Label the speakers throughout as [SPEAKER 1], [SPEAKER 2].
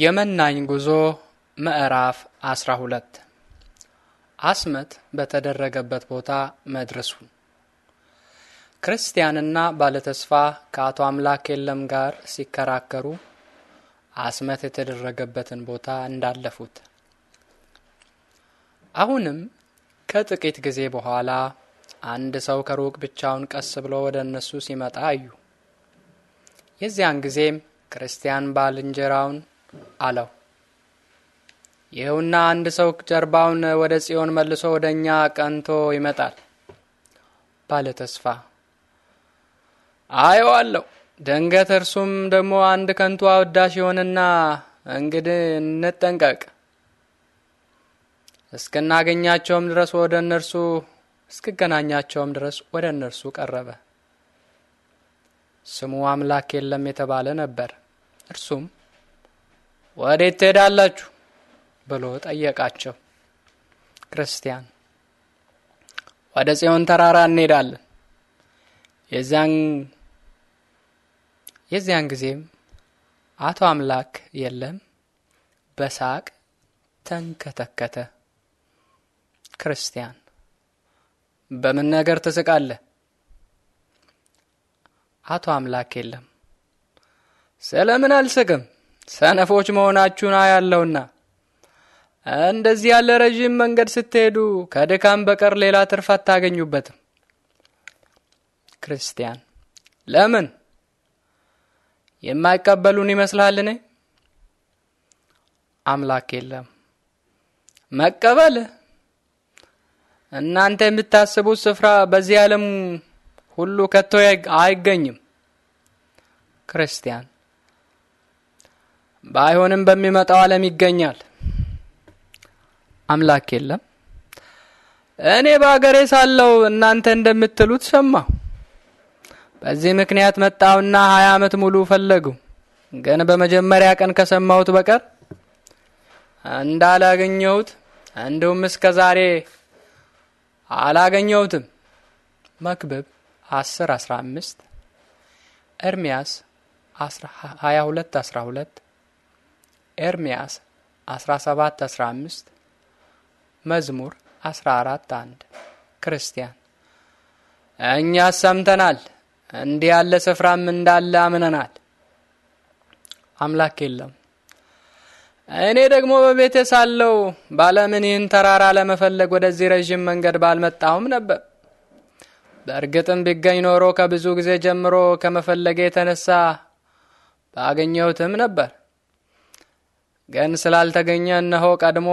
[SPEAKER 1] የመናኝ ጉዞ ምዕራፍ 12 አስመት በተደረገበት ቦታ መድረሱ ክርስቲያንና ባለተስፋ ከአቶ አምላክ የለም ጋር ሲከራከሩ አስመት የተደረገበትን ቦታ እንዳለፉት። አሁንም ከጥቂት ጊዜ በኋላ አንድ ሰው ከሩቅ ብቻውን ቀስ ብሎ ወደ እነሱ ሲመጣ አዩ። የዚያን ጊዜም ክርስቲያን ባልንጀራውን አለው። ይኸውና አንድ ሰው ጀርባውን ወደ ጽዮን መልሶ ወደ እኛ ቀንቶ ይመጣል ባለ ተስፋ አየዋለሁ። ድንገት እርሱም ደግሞ አንድ ከንቱ አወዳሽ የሆነና እንግዲህ እንጠንቀቅ እስክናገኛቸውም ድረስ ወደ እነርሱ እስክገናኛቸውም ድረስ ወደ እነርሱ ቀረበ። ስሙ አምላክ የለም የተባለ ነበር። እርሱም ወዴት ትሄዳላችሁ ብሎ ጠየቃቸው። ክርስቲያን ወደ ጽዮን ተራራ እንሄዳለን። የዚያን የዚያን ጊዜም አቶ አምላክ የለም በሳቅ ተንከተከተ። ክርስቲያን በምን ነገር ትስቃለህ? አቶ አምላክ የለም ስለምን አልስቅም ሰነፎች መሆናችሁን አያለውና እንደዚህ ያለ ረዥም መንገድ ስትሄዱ ከድካም በቀር ሌላ ትርፍ አታገኙበትም። ክርስቲያን ለምን የማይቀበሉን ይመስልሃልን? አምላክ የለም መቀበል እናንተ የምታስቡት ስፍራ በዚህ ዓለም ሁሉ ከቶ አይገኝም። ክርስቲያን ባይሆንም በሚመጣው ዓለም ይገኛል። አምላክ የለም። እኔ በአገሬ ሳለሁ እናንተ እንደምትሉት ሰማሁ። በዚህ ምክንያት መጣውና ሀያ ዓመት ሙሉ ፈለጉ። ግን በመጀመሪያ ቀን ከሰማሁት በቀር እንዳላገኘሁት እንዲሁም እስከ ዛሬ አላገኘሁትም። መክብብ 10 15 ኤርምያስ 22 12 ኤርምያስ 17 15 መዝሙር 14 1 ክርስቲያን እኛ ሰምተናል፣ እንዲህ ያለ ስፍራም እንዳለ አምነናል። አምላክ የለም። እኔ ደግሞ በቤቴ ሳለው ባለምን ይህን ተራራ ለመፈለግ ወደዚህ ረዥም መንገድ ባልመጣሁም ነበር። በእርግጥም ቢገኝ ኖሮ ከብዙ ጊዜ ጀምሮ ከመፈለገ የተነሳ ባገኘሁትም ነበር። ግን ስላልተገኘ እነሆ ቀድሞ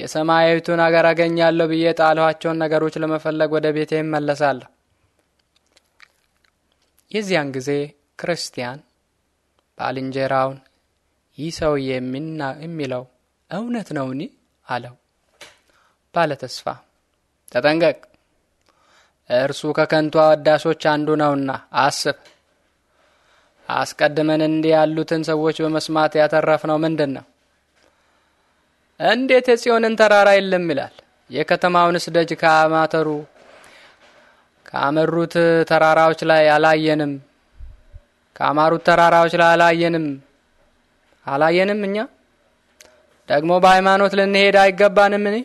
[SPEAKER 1] የሰማያዊቱን አገር አገኛለሁ ብዬ ጣልኋቸውን ነገሮች ለመፈለግ ወደ ቤቴ እመለሳለሁ። የዚያን ጊዜ ክርስቲያን ባልንጀራውን ይህ ሰውዬ የሚለው እውነት ነውኒ? አለው። ባለ ተስፋ ተጠንቀቅ፣ እርሱ ከከንቱ አወዳሾች አንዱ ነውና አስብ። አስቀድመን እንዲህ ያሉትን ሰዎች በመስማት ያተረፍነው ምንድን ነው? እንዴት የጽዮንን ተራራ የለም ይላል? የከተማውንስ ደጅ ከማተሩ ካመሩት ተራራዎች ላይ አላየንም። ካማሩት ተራራዎች ላይ አላየንም አላየንም። እኛ ደግሞ በሃይማኖት ልንሄድ አይገባንም። እኔ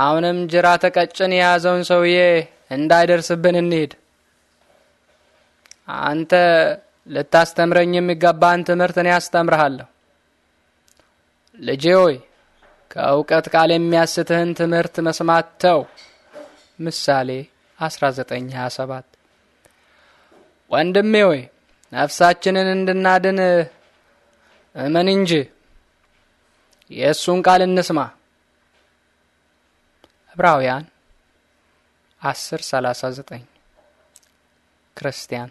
[SPEAKER 1] አሁንም ጅራተ ቀጭን የያዘውን ሰውዬ እንዳይደርስብን እንሄድ። አንተ ልታስተምረኝ የሚገባን ትምህርት እኔ አስተምርሃለሁ። ልጄ ሆይ ከእውቀት ቃል የሚያስትህን ትምህርት መስማት ተው። ምሳሌ 1927 ወንድሜ ሆይ ነፍሳችንን እንድናድን እመን እንጂ የእሱን ቃል እንስማ። ዕብራውያን 1039 ክርስቲያን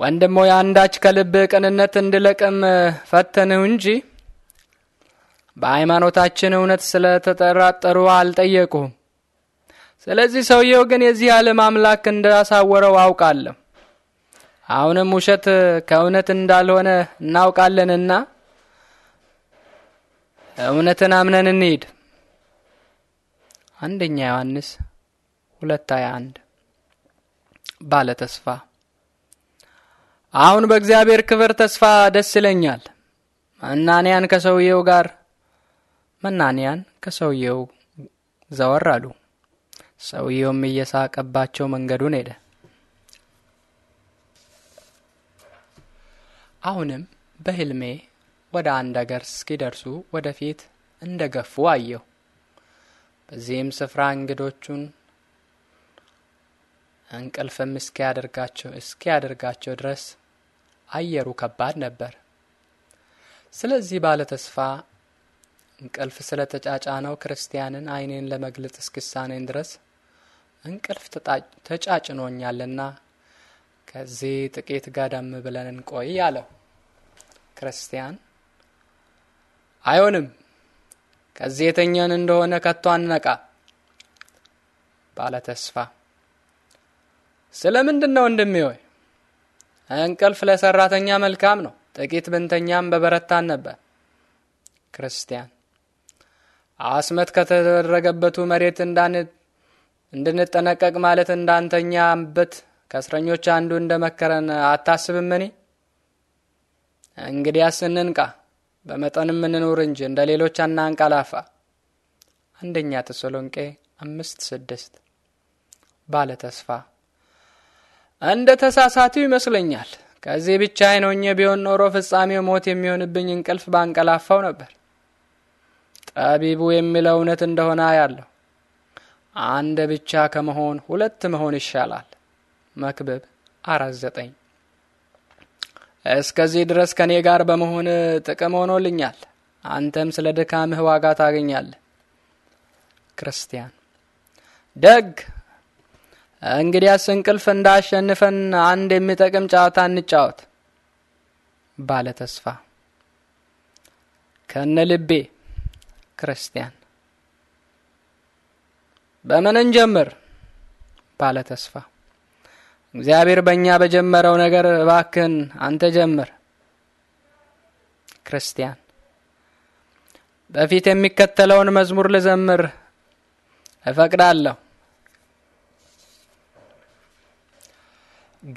[SPEAKER 1] ወንድሞ የአንዳች ከልብ ቅንነት እንድለቅም ፈተንሁ እንጂ በሃይማኖታችን እውነት ስለተጠራጠሩ አልጠየቁም። ስለዚህ ሰውየው ግን የዚህ ዓለም አምላክ እንዳሳወረው አውቃለሁ። አሁንም ውሸት ከእውነት እንዳልሆነ እናውቃለንና እውነትን አምነን እንሂድ። አንደኛ ዮሐንስ ሁለት ሀያ አንድ ባለ ተስፋ አሁን በእግዚአብሔር ክብር ተስፋ ደስ ይለኛል። መናንያን ከሰውየው ጋር መናንያን ከሰውየው ዘወር አሉ። ሰውየውም እየሳቀባቸው መንገዱን ሄደ። አሁንም በህልሜ ወደ አንድ አገር እስኪደርሱ ወደፊት እንደ ገፉ አየሁ። በዚህም ስፍራ እንግዶቹን እንቅልፍም እስኪያደርጋቸው እስኪያደርጋቸው ድረስ አየሩ ከባድ ነበር። ስለዚህ ባለ ተስፋ እንቅልፍ ስለ ተጫጫነው ክርስቲያንን ዓይኔን ለመግለጥ እስኪሳነኝ ድረስ እንቅልፍ ተጫጭኖኛልና ከዚህ ጥቂት ጋዳም ብለን እንቆይ አለው። ክርስቲያን አይሆንም፣ ከዚህ የተኛን እንደሆነ ከቶ አንነቃ። ባለ ተስፋ ስለ ምንድን ነው እንደሚሆይ? እንቅልፍ ለሰራተኛ መልካም ነው። ጥቂት ብንተኛም በበረታን ነበር። ክርስቲያን አስመት ከተደረገበቱ መሬት እንድንጠነቀቅ ማለት እንዳንተኛበት ከእስረኞች አንዱ እንደ መከረን አታስብምኔ? እንግዲያስ እንንቃ፣ በመጠንም እንኑር እንጂ እንደ ሌሎች አናንቀላፋ። አንደኛ ተሰሎንቄ አምስት ስድስት ባለ ተስፋ እንደ ተሳሳቱ ይመስለኛል። ከዚህ ብቻ አይኖኜ ቢሆን ኖሮ ፍጻሜው ሞት የሚሆንብኝ እንቅልፍ ባንቀላፋው ነበር። ጠቢቡ የሚለው እውነት እንደሆነ ያለው አንድ ብቻ ከመሆን ሁለት መሆን ይሻላል። መክብብ አራት ዘጠኝ እስከዚህ ድረስ ከእኔ ጋር በመሆን ጥቅም ሆኖልኛል። አንተም ስለ ድካምህ ዋጋ ታገኛለህ። ክርስቲያን ደግ እንግዲያስ እንቅልፍ እንዳሸንፈን አንድ የሚጠቅም ጨዋታ እንጫወት ባለ ተስፋ ከነ ልቤ ክርስቲያን በምንን ጀምር ባለ ተስፋ እግዚአብሔር በእኛ በጀመረው ነገር እባክህን አንተ ጀምር ክርስቲያን በፊት የሚከተለውን መዝሙር ልዘምር እፈቅዳለሁ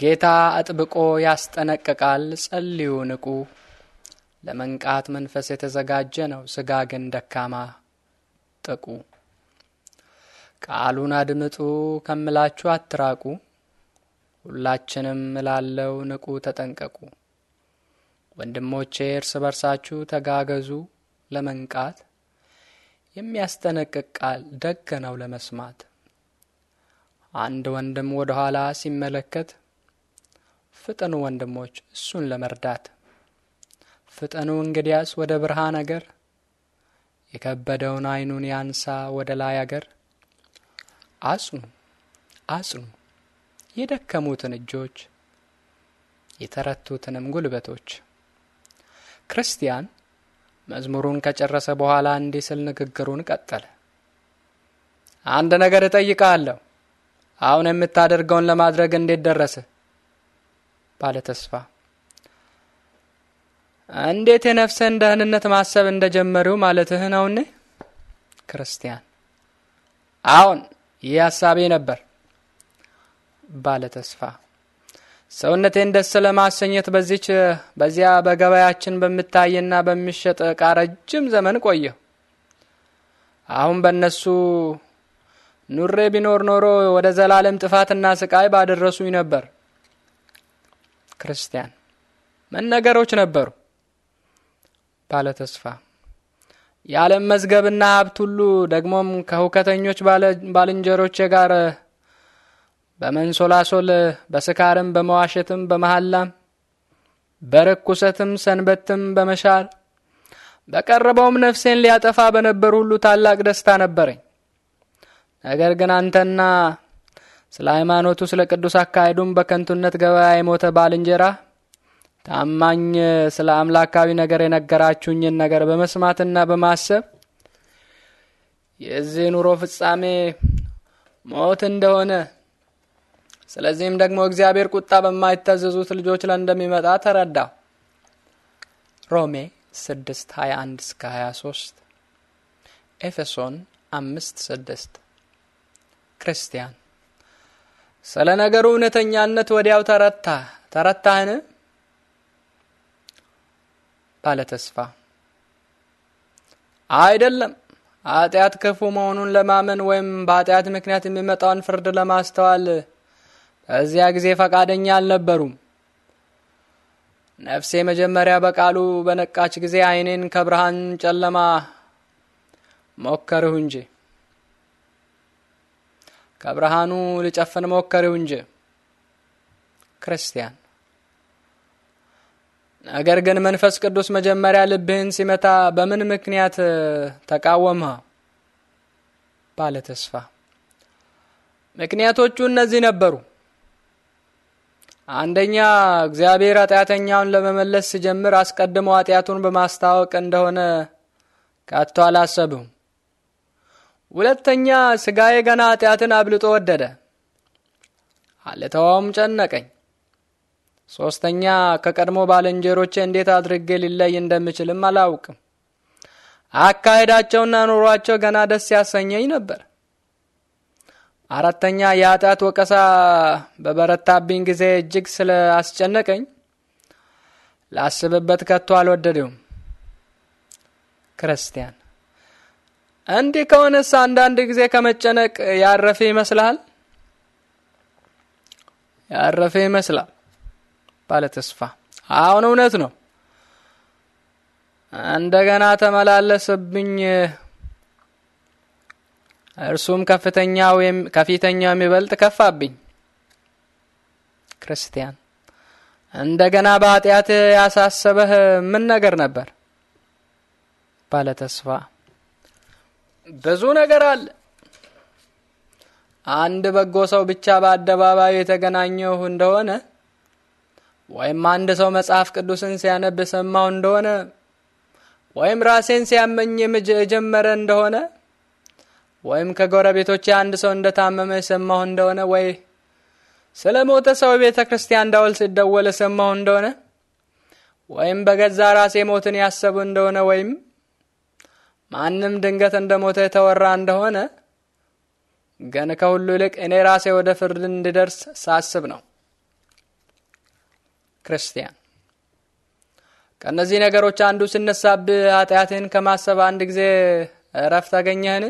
[SPEAKER 1] ጌታ አጥብቆ ያስጠነቅቃል፣ ጸልዩ ንቁ። ለመንቃት መንፈስ የተዘጋጀ ነው፣ ስጋ ግን ደካማ ጥቁ። ቃሉን አድምጡ ከምላችሁ አትራቁ። ሁላችንም እላለው ንቁ፣ ተጠንቀቁ። ወንድሞቼ እርስ በርሳችሁ ተጋገዙ። ለመንቃት የሚያስጠነቅቅ ቃል ደግ ነው ለመስማት። አንድ ወንድም ወደ ኋላ ሲመለከት ፍጥኑ ወንድሞች እሱን ለመርዳት ፍጥኑ። እንግዲያስ ወደ ብርሃን አገር የከበደውን አይኑን ያንሳ ወደ ላይ አገር አጽኑ አጽኑ የደከሙትን እጆች የተረቱትንም ጉልበቶች። ክርስቲያን መዝሙሩን ከጨረሰ በኋላ እንዲህ ስል ንግግሩን ቀጠለ። አንድ ነገር እጠይቃለሁ። አሁን የምታደርገውን ለማድረግ እንዴት ደረስህ? ባለ ተስፋ እንዴት የነፍስህን ደህንነት ማሰብ እንደጀመሪው ማለትህ ነውኔ? ክርስቲያን አሁን ይህ ሀሳቤ ነበር። ባለ ተስፋ ሰውነቴን ደስ ለማሰኘት በዚች በዚያ በገበያችን በምታይና በሚሸጥ ቃ ረጅም ዘመን ቆየሁ። አሁን በእነሱ ኑሬ ቢኖር ኖሮ ወደ ዘላለም ጥፋትና ስቃይ ባደረሱኝ ነበር። ክርስቲያን ነገሮች ነበሩ። ባለተስፋ የዓለም መዝገብና ሀብት ሁሉ ደግሞም ከሁከተኞች ባልንጀሮቼ ጋር በመንሶላሶል በስካርም በመዋሸትም በመሐላም በርኩሰትም ሰንበትም በመሻር በቀረበውም ነፍሴን ሊያጠፋ በነበሩ ሁሉ ታላቅ ደስታ ነበረኝ። ነገር ግን አንተና ስለ ሃይማኖቱ፣ ስለ ቅዱስ አካሄዱም በከንቱነት ገበያ የሞተ ባልንጀራ ታማኝ ስለ አምላካዊ ነገር የነገራችሁኝን ነገር በመስማትና በማሰብ የዚህ ኑሮ ፍጻሜ ሞት እንደሆነ ስለዚህም ደግሞ እግዚአብሔር ቁጣ በማይታዘዙት ልጆች ላይ እንደሚመጣ ተረዳ። ሮሜ 6 21 እስከ 23 ኤፌሶን 5 6 ክርስቲያን ስለ ነገሩ እውነተኛነት ወዲያው ተረታ ተረታህን ባለ ተስፋ አይደለም። ኃጢአት ክፉ መሆኑን ለማመን ወይም በኃጢአት ምክንያት የሚመጣውን ፍርድ ለማስተዋል በዚያ ጊዜ ፈቃደኛ አልነበሩም። ነፍሴ መጀመሪያ በቃሉ በነቃች ጊዜ ዓይኔን ከብርሃን ጨለማ ሞከርሁ እንጂ ከብርሃኑ ልጨፍን ሞከሪው እንጂ ክርስቲያን ነገር ግን መንፈስ ቅዱስ መጀመሪያ ልብህን ሲመታ በምን ምክንያት ተቃወመ ባለ ተስፋ ምክንያቶቹ እነዚህ ነበሩ። አንደኛ እግዚአብሔር ኃጢአተኛውን ለመመለስ ሲጀምር አስቀድሞ ኃጢአቱን በማስታወቅ እንደሆነ ከቶ አላሰብም። ሁለተኛ ስጋዬ ገና ኃጢአትን አብልጦ ወደደ፣ አልተውም ጨነቀኝ። ሦስተኛ ከቀድሞ ባልንጀሮቼ እንዴት አድርጌ ሊለይ እንደምችልም አላውቅም። አካሄዳቸውና ኑሯቸው ገና ደስ ያሰኘኝ ነበር። አራተኛ የኃጢአት ወቀሳ በበረታብኝ ጊዜ እጅግ ስለ አስጨነቀኝ ላስብበት ከቶ አልወደደውም። ክርስቲያን እንዲህ ከሆነስ አንዳንድ ጊዜ ከመጨነቅ ያረፈ ይመስላል ያረፈ ይመስላል ባለ ተስፋ አሁን እውነት ነው። እንደገና ተመላለስብኝ። እርሱም ወይም ከፊተኛው የሚበልጥ ከፋብኝ። ክርስቲያን እንደገና በኃጢአት ያሳሰበህ ምን ነገር ነበር? ባለ ተስፋ ብዙ ነገር አለ። አንድ በጎ ሰው ብቻ በአደባባዩ የተገናኘሁ እንደሆነ ወይም አንድ ሰው መጽሐፍ ቅዱስን ሲያነብ ሰማሁ እንደሆነ ወይም ራሴን ሲያመኝ የጀመረ እንደሆነ ወይም ከጎረቤቶች አንድ ሰው እንደታመመ ሰማሁ እንደሆነ ወይ ስለ ሞተ ሰው ቤተ ክርስቲያን ዳውል ሲደወል ሰማሁ እንደሆነ ወይም በገዛ ራሴ ሞትን ያሰቡ እንደሆነ ወይም ማንም ድንገት እንደ ሞተ የተወራ እንደሆነ ግን ከሁሉ ይልቅ እኔ ራሴ ወደ ፍርድ እንድደርስ ሳስብ ነው። ክርስቲያን ከእነዚህ ነገሮች አንዱ ሲነሳብህ ኃጢአትህን ከማሰብ አንድ ጊዜ እረፍት ታገኘህን?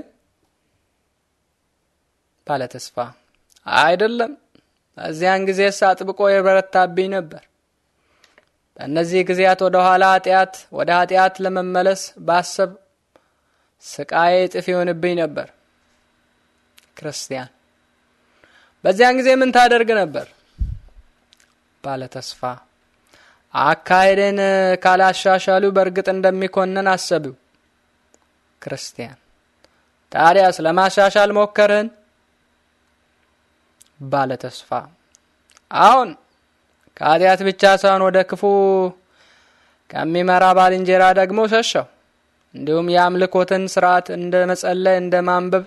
[SPEAKER 1] ባለ ተስፋ አይደለም። በዚያን ጊዜስ አጥብቆ የበረታብኝ ነበር። በእነዚህ ጊዜያት ወደ ኋላ ኃጢአት ወደ ኃጢአት ለመመለስ ባሰብ ስቃዬ እጥፍ ይሆንብኝ ነበር። ክርስቲያን በዚያን ጊዜ ምን ታደርግ ነበር? ባለ ተስፋ አካሄድን ካላሻሻሉ በእርግጥ እንደሚኮንን አሰብው ክርስቲያን ታዲያስ ለማሻሻል ሞከርን? ባለ ተስፋ አሁን ከኃጢአት ብቻ ሳይሆን ወደ ክፉ ከሚመራ ባልንጀራ ደግሞ ሸሸው። እንዲሁም የአምልኮትን ስርዓት እንደ መጸለይ፣ እንደ ማንበብ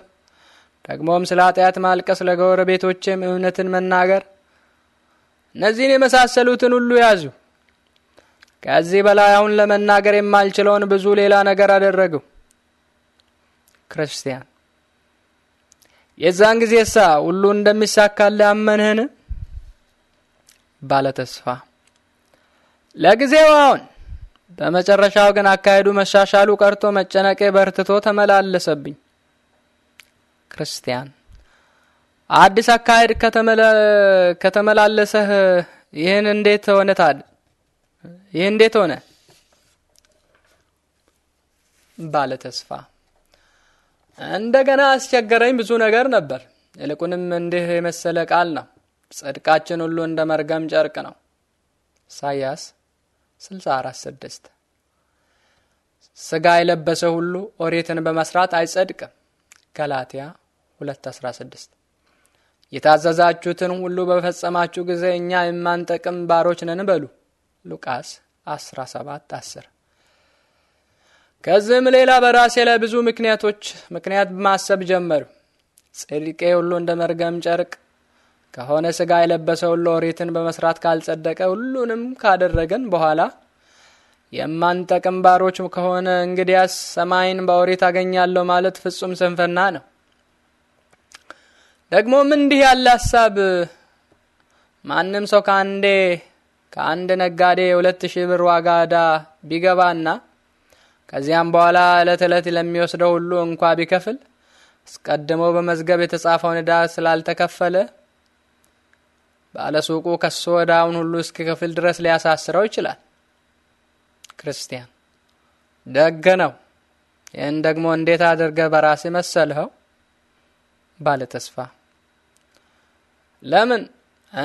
[SPEAKER 1] ደግሞም ስለ ኃጢአት ማልቀስ፣ ለጎረቤቶችም እውነትን መናገር እነዚህን የመሳሰሉትን ሁሉ ያዙ። ከዚህ በላይ አሁን ለመናገር የማልችለውን ብዙ ሌላ ነገር አደረገው። ክርስቲያን የዛን ጊዜሳ ሁሉ እንደሚሳካል ያመንህን ባለ ተስፋ ለጊዜው አሁን በመጨረሻው ግን አካሄዱ መሻሻሉ ቀርቶ መጨነቄ በርትቶ ተመላለሰብኝ። ክርስቲያን አዲስ አካሄድ ከተመላለሰህ ይህን እንዴት ሆነ? ይህ እንዴት ሆነ? ባለ ተስፋ እንደገና አስቸገረኝ። ብዙ ነገር ነበር። ይልቁንም እንዲህ የመሰለ ቃል ነው። ጽድቃችን ሁሉ እንደ መርገም ጨርቅ ነው ኢሳይያስ 64 ስጋ የለበሰ ሁሉ ኦሪትን በመስራት አይጸድቅም። ገላትያ 2:16 የታዘዛችሁትን ሁሉ በፈጸማችሁ ጊዜ እኛ የማንጠቅም ባሮች ነን በሉ። ሉቃስ 17:10 ከዚህም ሌላ በራሴ ላይ ብዙ ምክንያቶች ምክንያት ማሰብ ጀመሩ። ጽድቄ ሁሉ እንደ መርገም ጨርቅ ከሆነ ስጋ የለበሰውን ሎሪትን በመስራት ካልጸደቀ ሁሉንም ካደረገን በኋላ የማንጠቅም ባሮች ከሆነ እንግዲያስ ሰማይን በኦሪት አገኛለሁ ማለት ፍጹም ስንፍና ነው። ደግሞም እንዲህ ያለ ሀሳብ ማንም ሰው ከአንዴ ከአንድ ነጋዴ የሁለት ሺህ ብር ዋጋ ዕዳ ቢገባና ከዚያም በኋላ ዕለት ዕለት ለሚወስደው ሁሉ እንኳ ቢከፍል አስቀድሞ በመዝገብ የተጻፈውን ዕዳ ስላልተከፈለ ባለሱቁ ከሶ ዕዳውን ሁሉ እስኪ ክፍል ድረስ ሊያሳስረው ይችላል። ክርስቲያን ደግ ነው። ይህን ደግሞ እንዴት አድርገ በራሴ መሰልኸው? ባለ ተስፋ ለምን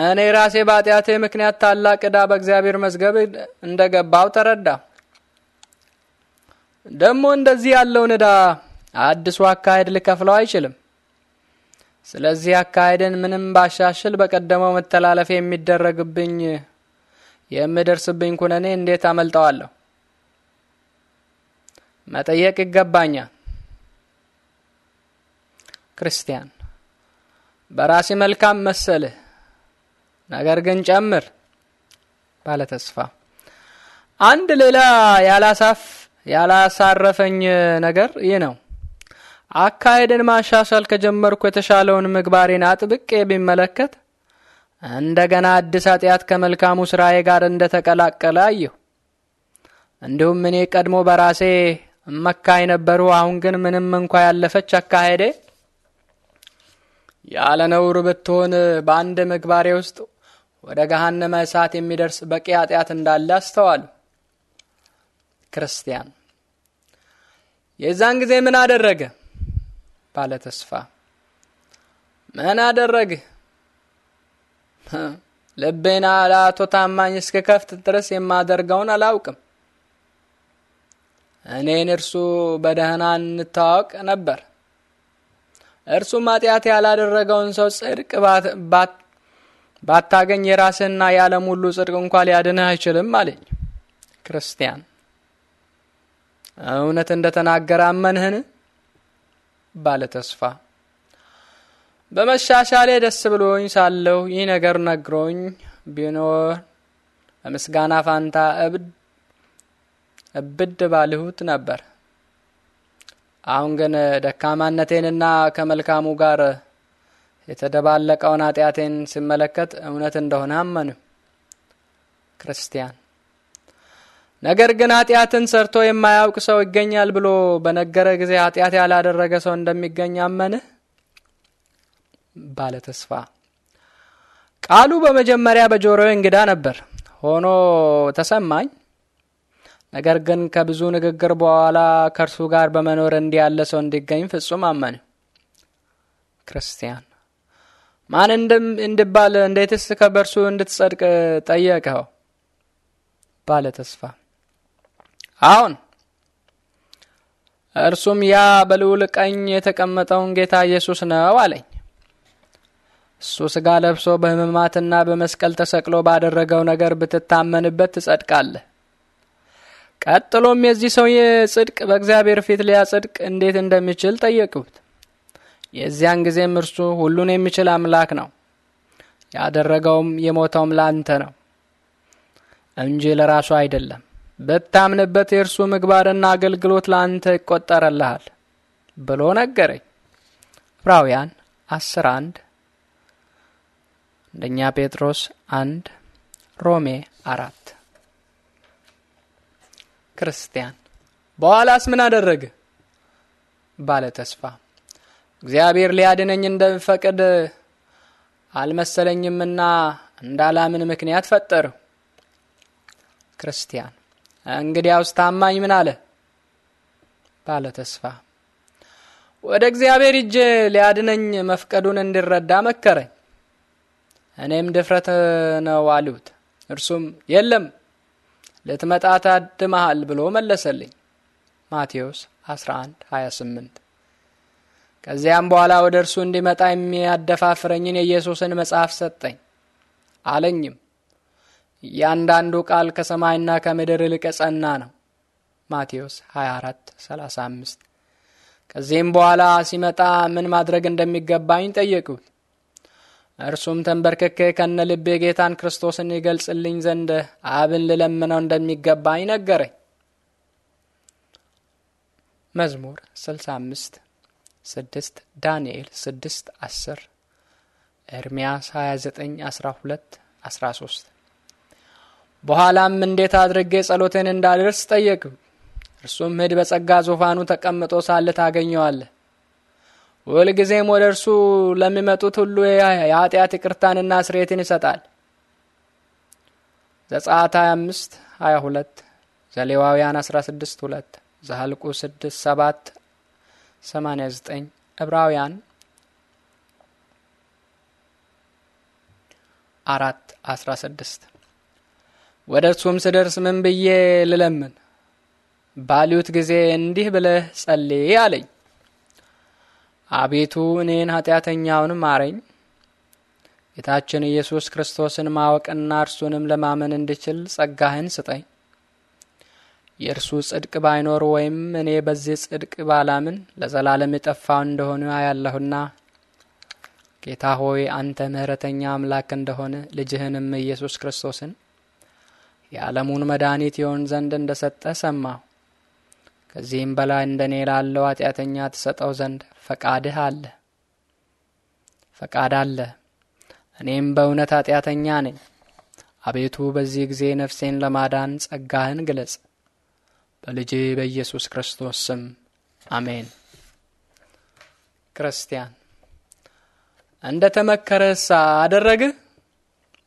[SPEAKER 1] እኔ ራሴ በኃጢአቴ ምክንያት ታላቅ ዕዳ በእግዚአብሔር መዝገብ እንደገባው ተረዳ። ደግሞ እንደዚህ ያለውን ዕዳ አዲሱ አካሄድ ሊከፍለው አይችልም። ስለዚህ አካሄድን ምንም ባሻሽል በቀደመው መተላለፍ የሚደረግብኝ የምደርስብኝ ኩነኔ እንዴት አመልጠዋለሁ? መጠየቅ ይገባኛል። ክርስቲያን በራሴ መልካም መሰልህ፣ ነገር ግን ጨምር። ባለተስፋ አንድ ሌላ ያላሳፍ ያላሳረፈኝ ነገር ይህ ነው። አካሄድን ማሻሻል ከጀመርኩ የተሻለውን ምግባሬን አጥብቄ ቢመለከት እንደገና አዲስ ኃጢአት ከመልካሙ ሥራዬ ጋር እንደ ተቀላቀለ አየሁ። እንዲሁም እኔ ቀድሞ በራሴ እመካ የነበሩ አሁን ግን ምንም እንኳ ያለፈች አካሄዴ ያለ ነውር ብትሆን በአንድ ምግባሬ ውስጥ ወደ ገሃነመ እሳት የሚደርስ በቂ ኃጢአት እንዳለ አስተዋሉ። ክርስቲያን የዛን ጊዜ ምን አደረገ? ባለ ተስፋ ምን አደረግህ? ልቤና ለአቶ ታማኝ እስከ ከፍት ድረስ የማደርገውን አላውቅም። እኔን እርሱ በደህና እንታወቅ ነበር። እርሱ ኃጢአት ያላደረገውን ሰው ጽድቅ ባታገኝ የራስህና የዓለም ሁሉ ጽድቅ እንኳ ሊያድንህ አይችልም አለኝ። ክርስቲያን እውነት እንደተናገረ አመንህን? ባለተስፋ በመሻሻሌ ደስ ብሎኝ ሳለሁ ይህ ነገር ነግሮኝ ቢኖር በምስጋና ፋንታ እብድ ባልሁት ነበር። አሁን ግን ደካማነቴንና ከመልካሙ ጋር የተደባለቀውን ኃጢአቴን ሲመለከት እውነት እንደሆነ አመኑ። ክርስቲያን ነገር ግን ኃጢአትን ሰርቶ የማያውቅ ሰው ይገኛል ብሎ በነገረ ጊዜ ኃጢአት ያላደረገ ሰው እንደሚገኝ አመንህ? ባለ ተስፋ ቃሉ በመጀመሪያ በጆሮዬ እንግዳ ነበር ሆኖ ተሰማኝ። ነገር ግን ከብዙ ንግግር በኋላ ከእርሱ ጋር በመኖር እንዲህ ያለ ሰው እንዲገኝ ፍጹም አመን። ክርስቲያን ማን እንድባል እንዴትስ ከበርሱ እንድትጸድቅ ጠየቀው? ባለ ተስፋ አሁን እርሱም ያ በልዑል ቀኝ የተቀመጠውን ጌታ ኢየሱስ ነው አለኝ። እሱ ሥጋ ለብሶ በሕማማትና በመስቀል ተሰቅሎ ባደረገው ነገር ብትታመንበት ትጸድቃለህ። ቀጥሎም የዚህ ሰውዬ ጽድቅ በእግዚአብሔር ፊት ሊያጽድቅ እንዴት እንደሚችል ጠየቁት። የዚያን ጊዜም እርሱ ሁሉን የሚችል አምላክ ነው፣ ያደረገውም የሞተውም ላንተ ነው እንጂ ለራሱ አይደለም ብታምንበት የእርሱ ምግባርና አገልግሎት ለአንተ ይቆጠረልሃል ብሎ ነገረኝ። ዕብራውያን አስር አንድ አንደኛ ጴጥሮስ አንድ ሮሜ አራት ክርስቲያን በኋላስ ምን አደረገ? ባለ ተስፋ እግዚአብሔር ሊያድነኝ እንደሚፈቅድ አልመሰለኝምና እንዳላምን ምክንያት ፈጠረው። ክርስቲያን እንግዲያውስ ታማኝ ምን አለ? ባለ ተስፋ ወደ እግዚአብሔር እጅ ሊያድነኝ መፍቀዱን እንዲረዳ መከረኝ። እኔም ድፍረት ነው አሉት። እርሱም የለም ልትመጣ ታድመሃል ብሎ መለሰልኝ። ማቴዎስ 11 28 ከዚያም በኋላ ወደ እርሱ እንዲመጣ የሚያደፋፍረኝን የኢየሱስን መጽሐፍ ሰጠኝ አለኝም እያንዳንዱ ቃል ከሰማይና ከምድር ይልቅ የጸና ነው። ማቴዎስ 24 35 ከዚህም በኋላ ሲመጣ ምን ማድረግ እንደሚገባኝ ጠየቁት። እርሱም ተንበርክኬ ከነ ልቤ ጌታን ክርስቶስን ይገልጽልኝ ዘንድ አብን ልለምነው እንደሚገባኝ ነገረኝ። መዝሙር 65 6 ዳንኤል 6 10 ኤርምያስ 29 12 13 በኋላም እንዴት አድርጌ ጸሎቴን እንዳደርስ ጠየቅ። እርሱም ሂድ በጸጋ ዙፋኑ ተቀምጦ ሳለ ታገኘዋለህ። ሁልጊዜም ወደ እርሱ ለሚመጡት ሁሉ የኃጢአት ይቅርታንና ስሬትን ይሰጣል። ዘጸአት 25 22 ዘሌዋውያን 16 2 ዘኍልቍ 6 7 89 ዕብራውያን አራት አስራ ስድስት ወደ እርሱም ስደርስ ምን ብዬ ልለምን ባሉት ጊዜ እንዲህ ብለህ ጸልይ አለኝ። አቤቱ እኔን ኃጢአተኛውን ማረኝ። ጌታችን ኢየሱስ ክርስቶስን ማወቅና እርሱንም ለማመን እንድችል ጸጋህን ስጠኝ። የእርሱ ጽድቅ ባይኖር ወይም እኔ በዚህ ጽድቅ ባላምን ለዘላለም የጠፋው እንደሆነ ያለሁና ጌታ ሆይ አንተ ምሕረተኛ አምላክ እንደሆነ ልጅህንም ኢየሱስ ክርስቶስን የዓለሙን መድኃኒት ይሆን ዘንድ እንደ ሰጠ ሰማሁ። ከዚህም በላይ እንደ እኔ ላለው ኃጢአተኛ ትሰጠው ዘንድ ፈቃድህ አለ ፈቃድ አለ። እኔም በእውነት ኃጢአተኛ ነኝ። አቤቱ በዚህ ጊዜ ነፍሴን ለማዳን ጸጋህን ግለጽ። በልጄ በኢየሱስ ክርስቶስ ስም አሜን። ክርስቲያን እንደ ተመከረ ሳ አደረግህ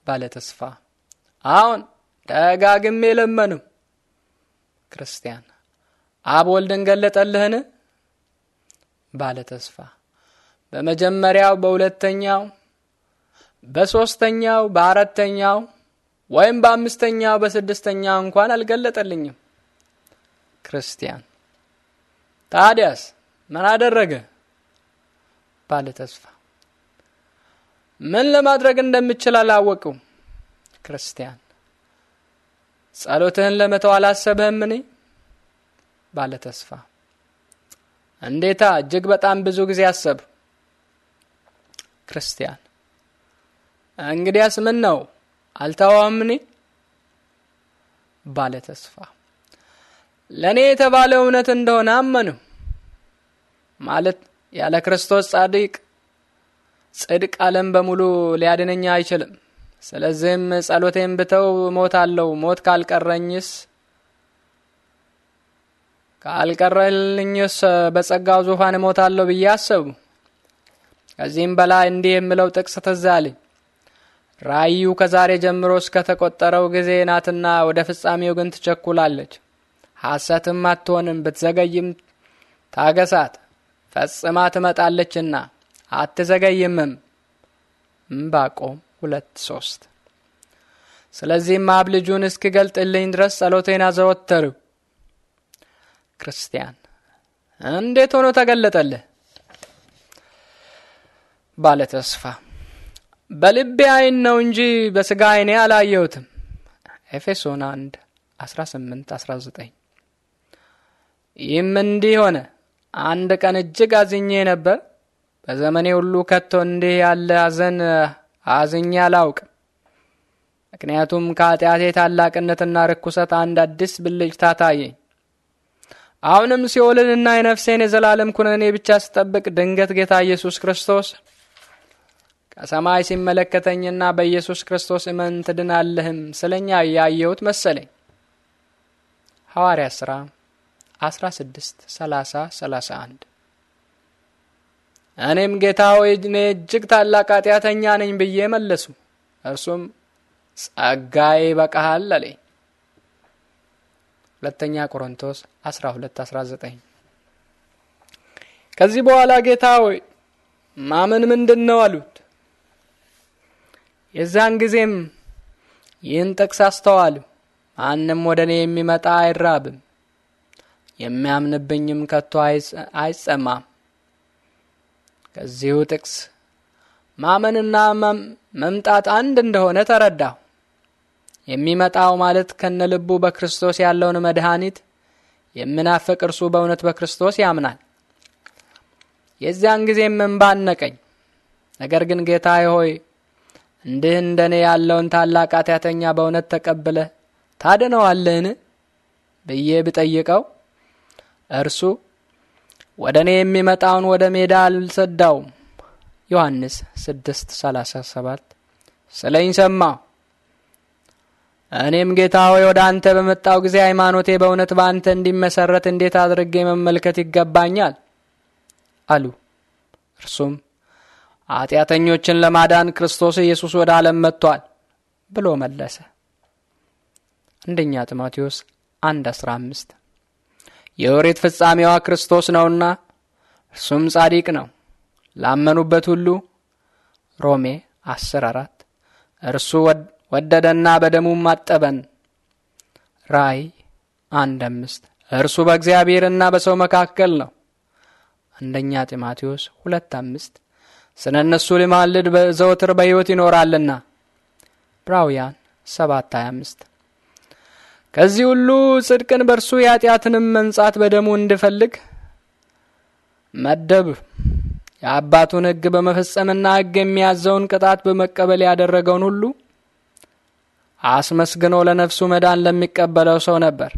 [SPEAKER 1] ባለ ተስፋ አሁን ደጋግሜ ለመንም። ክርስቲያን አብ ወልድን ገለጠልህን? ባለ ተስፋ በመጀመሪያው፣ በሁለተኛው፣ በሶስተኛው በአራተኛው ወይም በአምስተኛው በስድስተኛው እንኳን አልገለጠልኝም። ክርስቲያን ታዲያስ ምን አደረገ? ባለ ተስፋ ምን ለማድረግ እንደምችል አላወቅው። ክርስቲያን ጸሎትህን ለመተው አላሰብህምን? ባለ ተስፋ እንዴታ፣ እጅግ በጣም ብዙ ጊዜ አሰብ። ክርስቲያን እንግዲያስ ምን ነው አልተዋምኒ? ባለ ተስፋ ለእኔ የተባለ እውነት እንደሆነ አመኑ። ማለት ያለ ክርስቶስ ጻድቅ ጽድቅ ዓለም በሙሉ ሊያድነኛ አይችልም። ስለዚህም ጸሎቴን ብተው አለው ሞት ካልቀረኝስ ካልቀረልኝስ በጸጋው ዙፋን እሞታለሁ ብዬ አሰቡ። ከዚህም በላይ እንዲህ የምለው ጥቅስ ትዝ አለኝ። ራእዩ ከዛሬ ጀምሮ እስከ ተቆጠረው ጊዜ ናትና ወደ ፍጻሜው ግን ትቸኩላለች። ሐሰትም አትሆንም፣ ብትዘገይም ታገሳት ፈጽማ ትመጣለችና አትዘገይምም። እምባቆም ሁለት ሶስት ስለዚህም አብ ልጁን እስኪገልጥልኝ ድረስ ጸሎቴን አዘወተሩ። ክርስቲያን እንዴት ሆኖ ተገለጠልህ? ባለ ተስፋ በልቤ አይን ነው እንጂ በስጋ አይኔ አላየሁትም። ኤፌሶን 1 18 19 ይህም እንዲህ ሆነ። አንድ ቀን እጅግ አዝኜ ነበር። በዘመኔ ሁሉ ከቶ እንዲህ ያለ አዘን አዝኜ አላውቅም። ምክንያቱም ከኃጢአቴ ታላቅነትና ርኩሰት አንድ አዲስ ብልጭታ ታየኝ። አሁንም ሲኦልንና የነፍሴን የዘላለም ኩነኔ ብቻ ስጠብቅ ድንገት ጌታ ኢየሱስ ክርስቶስ ከሰማይ ሲመለከተኝና በኢየሱስ ክርስቶስ እመን ትድናለህም ስለኛ ያየሁት መሰለኝ። ሐዋርያ ሥራ 16 30 31 እኔም ጌታ ሆይ እኔ እጅግ ታላቅ ኃጢአተኛ ነኝ ብዬ መለሱ። እርሱም ጸጋዬ ይበቃሃል አለኝ። ሁለተኛ ቆሮንቶስ 12 ከዚህ በኋላ ጌታ ሆይ ማመን ምንድን ነው አሉት። የዛን ጊዜም ይህን ጥቅስ አስተዋሉ። ማንም ወደ እኔ የሚመጣ አይራብም፣ የሚያምንብኝም ከቶ አይጸማም ከዚሁ ጥቅስ ማመንና መምጣት አንድ እንደሆነ ተረዳሁ። የሚመጣው ማለት ከነ ልቡ በክርስቶስ ያለውን መድኃኒት የምናፍቅ እርሱ በእውነት በክርስቶስ ያምናል። የዚያን ጊዜም እንባ አነቀኝ። ነገር ግን ጌታዬ ሆይ እንዲህ እንደ እኔ ያለውን ታላቅ ኃጢአተኛ በእውነት ተቀብለ ታድነዋለህን ብዬ ብጠይቀው እርሱ ወደ እኔ የሚመጣውን ወደ ሜዳ አልሰዳውም። ዮሐንስ 37 ስለኝ ሰማ። እኔም ጌታ ሆይ ወደ አንተ በመጣው ጊዜ ሃይማኖቴ በእውነት በአንተ እንዲመሰረት እንዴት አድርጌ መመልከት ይገባኛል አሉ። እርሱም ኃጢአተኞችን ለማዳን ክርስቶስ ኢየሱስ ወደ ዓለም መጥቷል ብሎ መለሰ። አንደኛ ጢሞቴዎስ 1 15 የወሬት ፍጻሜዋ ክርስቶስ ነውና እርሱም ጻድቅ ነው ላመኑበት ሁሉ ሮሜ አስር አራት እርሱ ወደደና በደሙም አጠበን ራይ አንድ አምስት እርሱ በእግዚአብሔርና በሰው መካከል ነው አንደኛ ጢማቴዎስ ሁለት አምስት ስነ እነሱ ሊማልድ ዘወትር በሕይወት ይኖራልና ብራውያን ሰባት ሀያ አምስት ከዚህ ሁሉ ጽድቅን በእርሱ የኃጢአትንም መንጻት በደሙ እንድፈልግ መደብ የአባቱን ሕግ በመፈጸምና ሕግ የሚያዘውን ቅጣት በመቀበል ያደረገውን ሁሉ አስመስግኖ ለነፍሱ መዳን ለሚቀበለው ሰው ነበር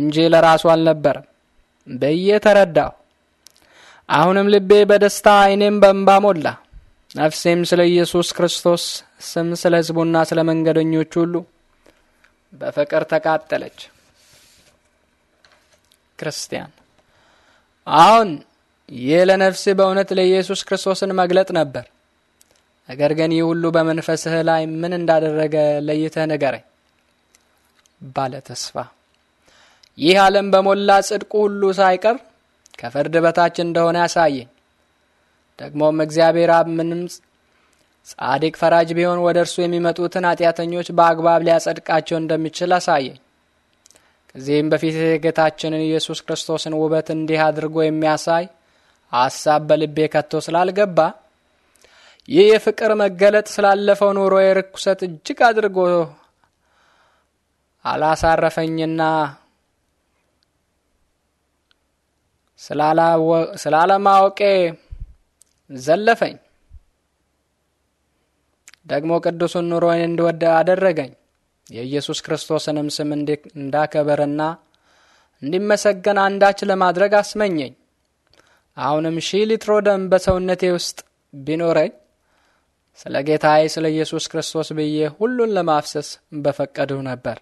[SPEAKER 1] እንጂ ለራሱ አልነበረም ብዬ ተረዳሁ። አሁንም ልቤ በደስታ ዓይኔም በእንባ ሞላ። ነፍሴም ስለ ኢየሱስ ክርስቶስ ስም ስለ ሕዝቡና ስለ መንገደኞች ሁሉ በፍቅር ተቃጠለች። ክርስቲያን አሁን ይህ ለነፍስ በእውነት ለኢየሱስ ክርስቶስን መግለጥ ነበር። ነገር ግን ይህ ሁሉ በመንፈስህ ላይ ምን እንዳደረገ ለይተህ ንገረኝ ባለ ተስፋ ይህ ዓለም በሞላ ጽድቁ ሁሉ ሳይቀር ከፍርድ በታች እንደሆነ ያሳየኝ። ደግሞም እግዚአብሔር አብ ምንም ጻድቅ ፈራጅ ቢሆን ወደ እርሱ የሚመጡትን ኃጢአተኞች በአግባብ ሊያጸድቃቸው እንደሚችል አሳየኝ። ከዚህም በፊት የጌታችንን ኢየሱስ ክርስቶስን ውበት እንዲህ አድርጎ የሚያሳይ ሐሳብ በልቤ ከቶ ስላልገባ ይህ የፍቅር መገለጥ ስላለፈው ኑሮ የርኩሰት እጅግ አድርጎ አላሳረፈኝና ስላለማወቄ ዘለፈኝ። ደግሞ ቅዱሱን ኑሮን እንድወደ አደረገኝ። የኢየሱስ ክርስቶስንም ስም እንዳከበርና እንዲመሰገን አንዳች ለማድረግ አስመኘኝ። አሁንም ሺህ ሊትሮ ደም በሰውነቴ ውስጥ ቢኖረኝ ስለ ጌታዬ ስለ ኢየሱስ ክርስቶስ ብዬ ሁሉን ለማፍሰስ በፈቀድሁ ነበር።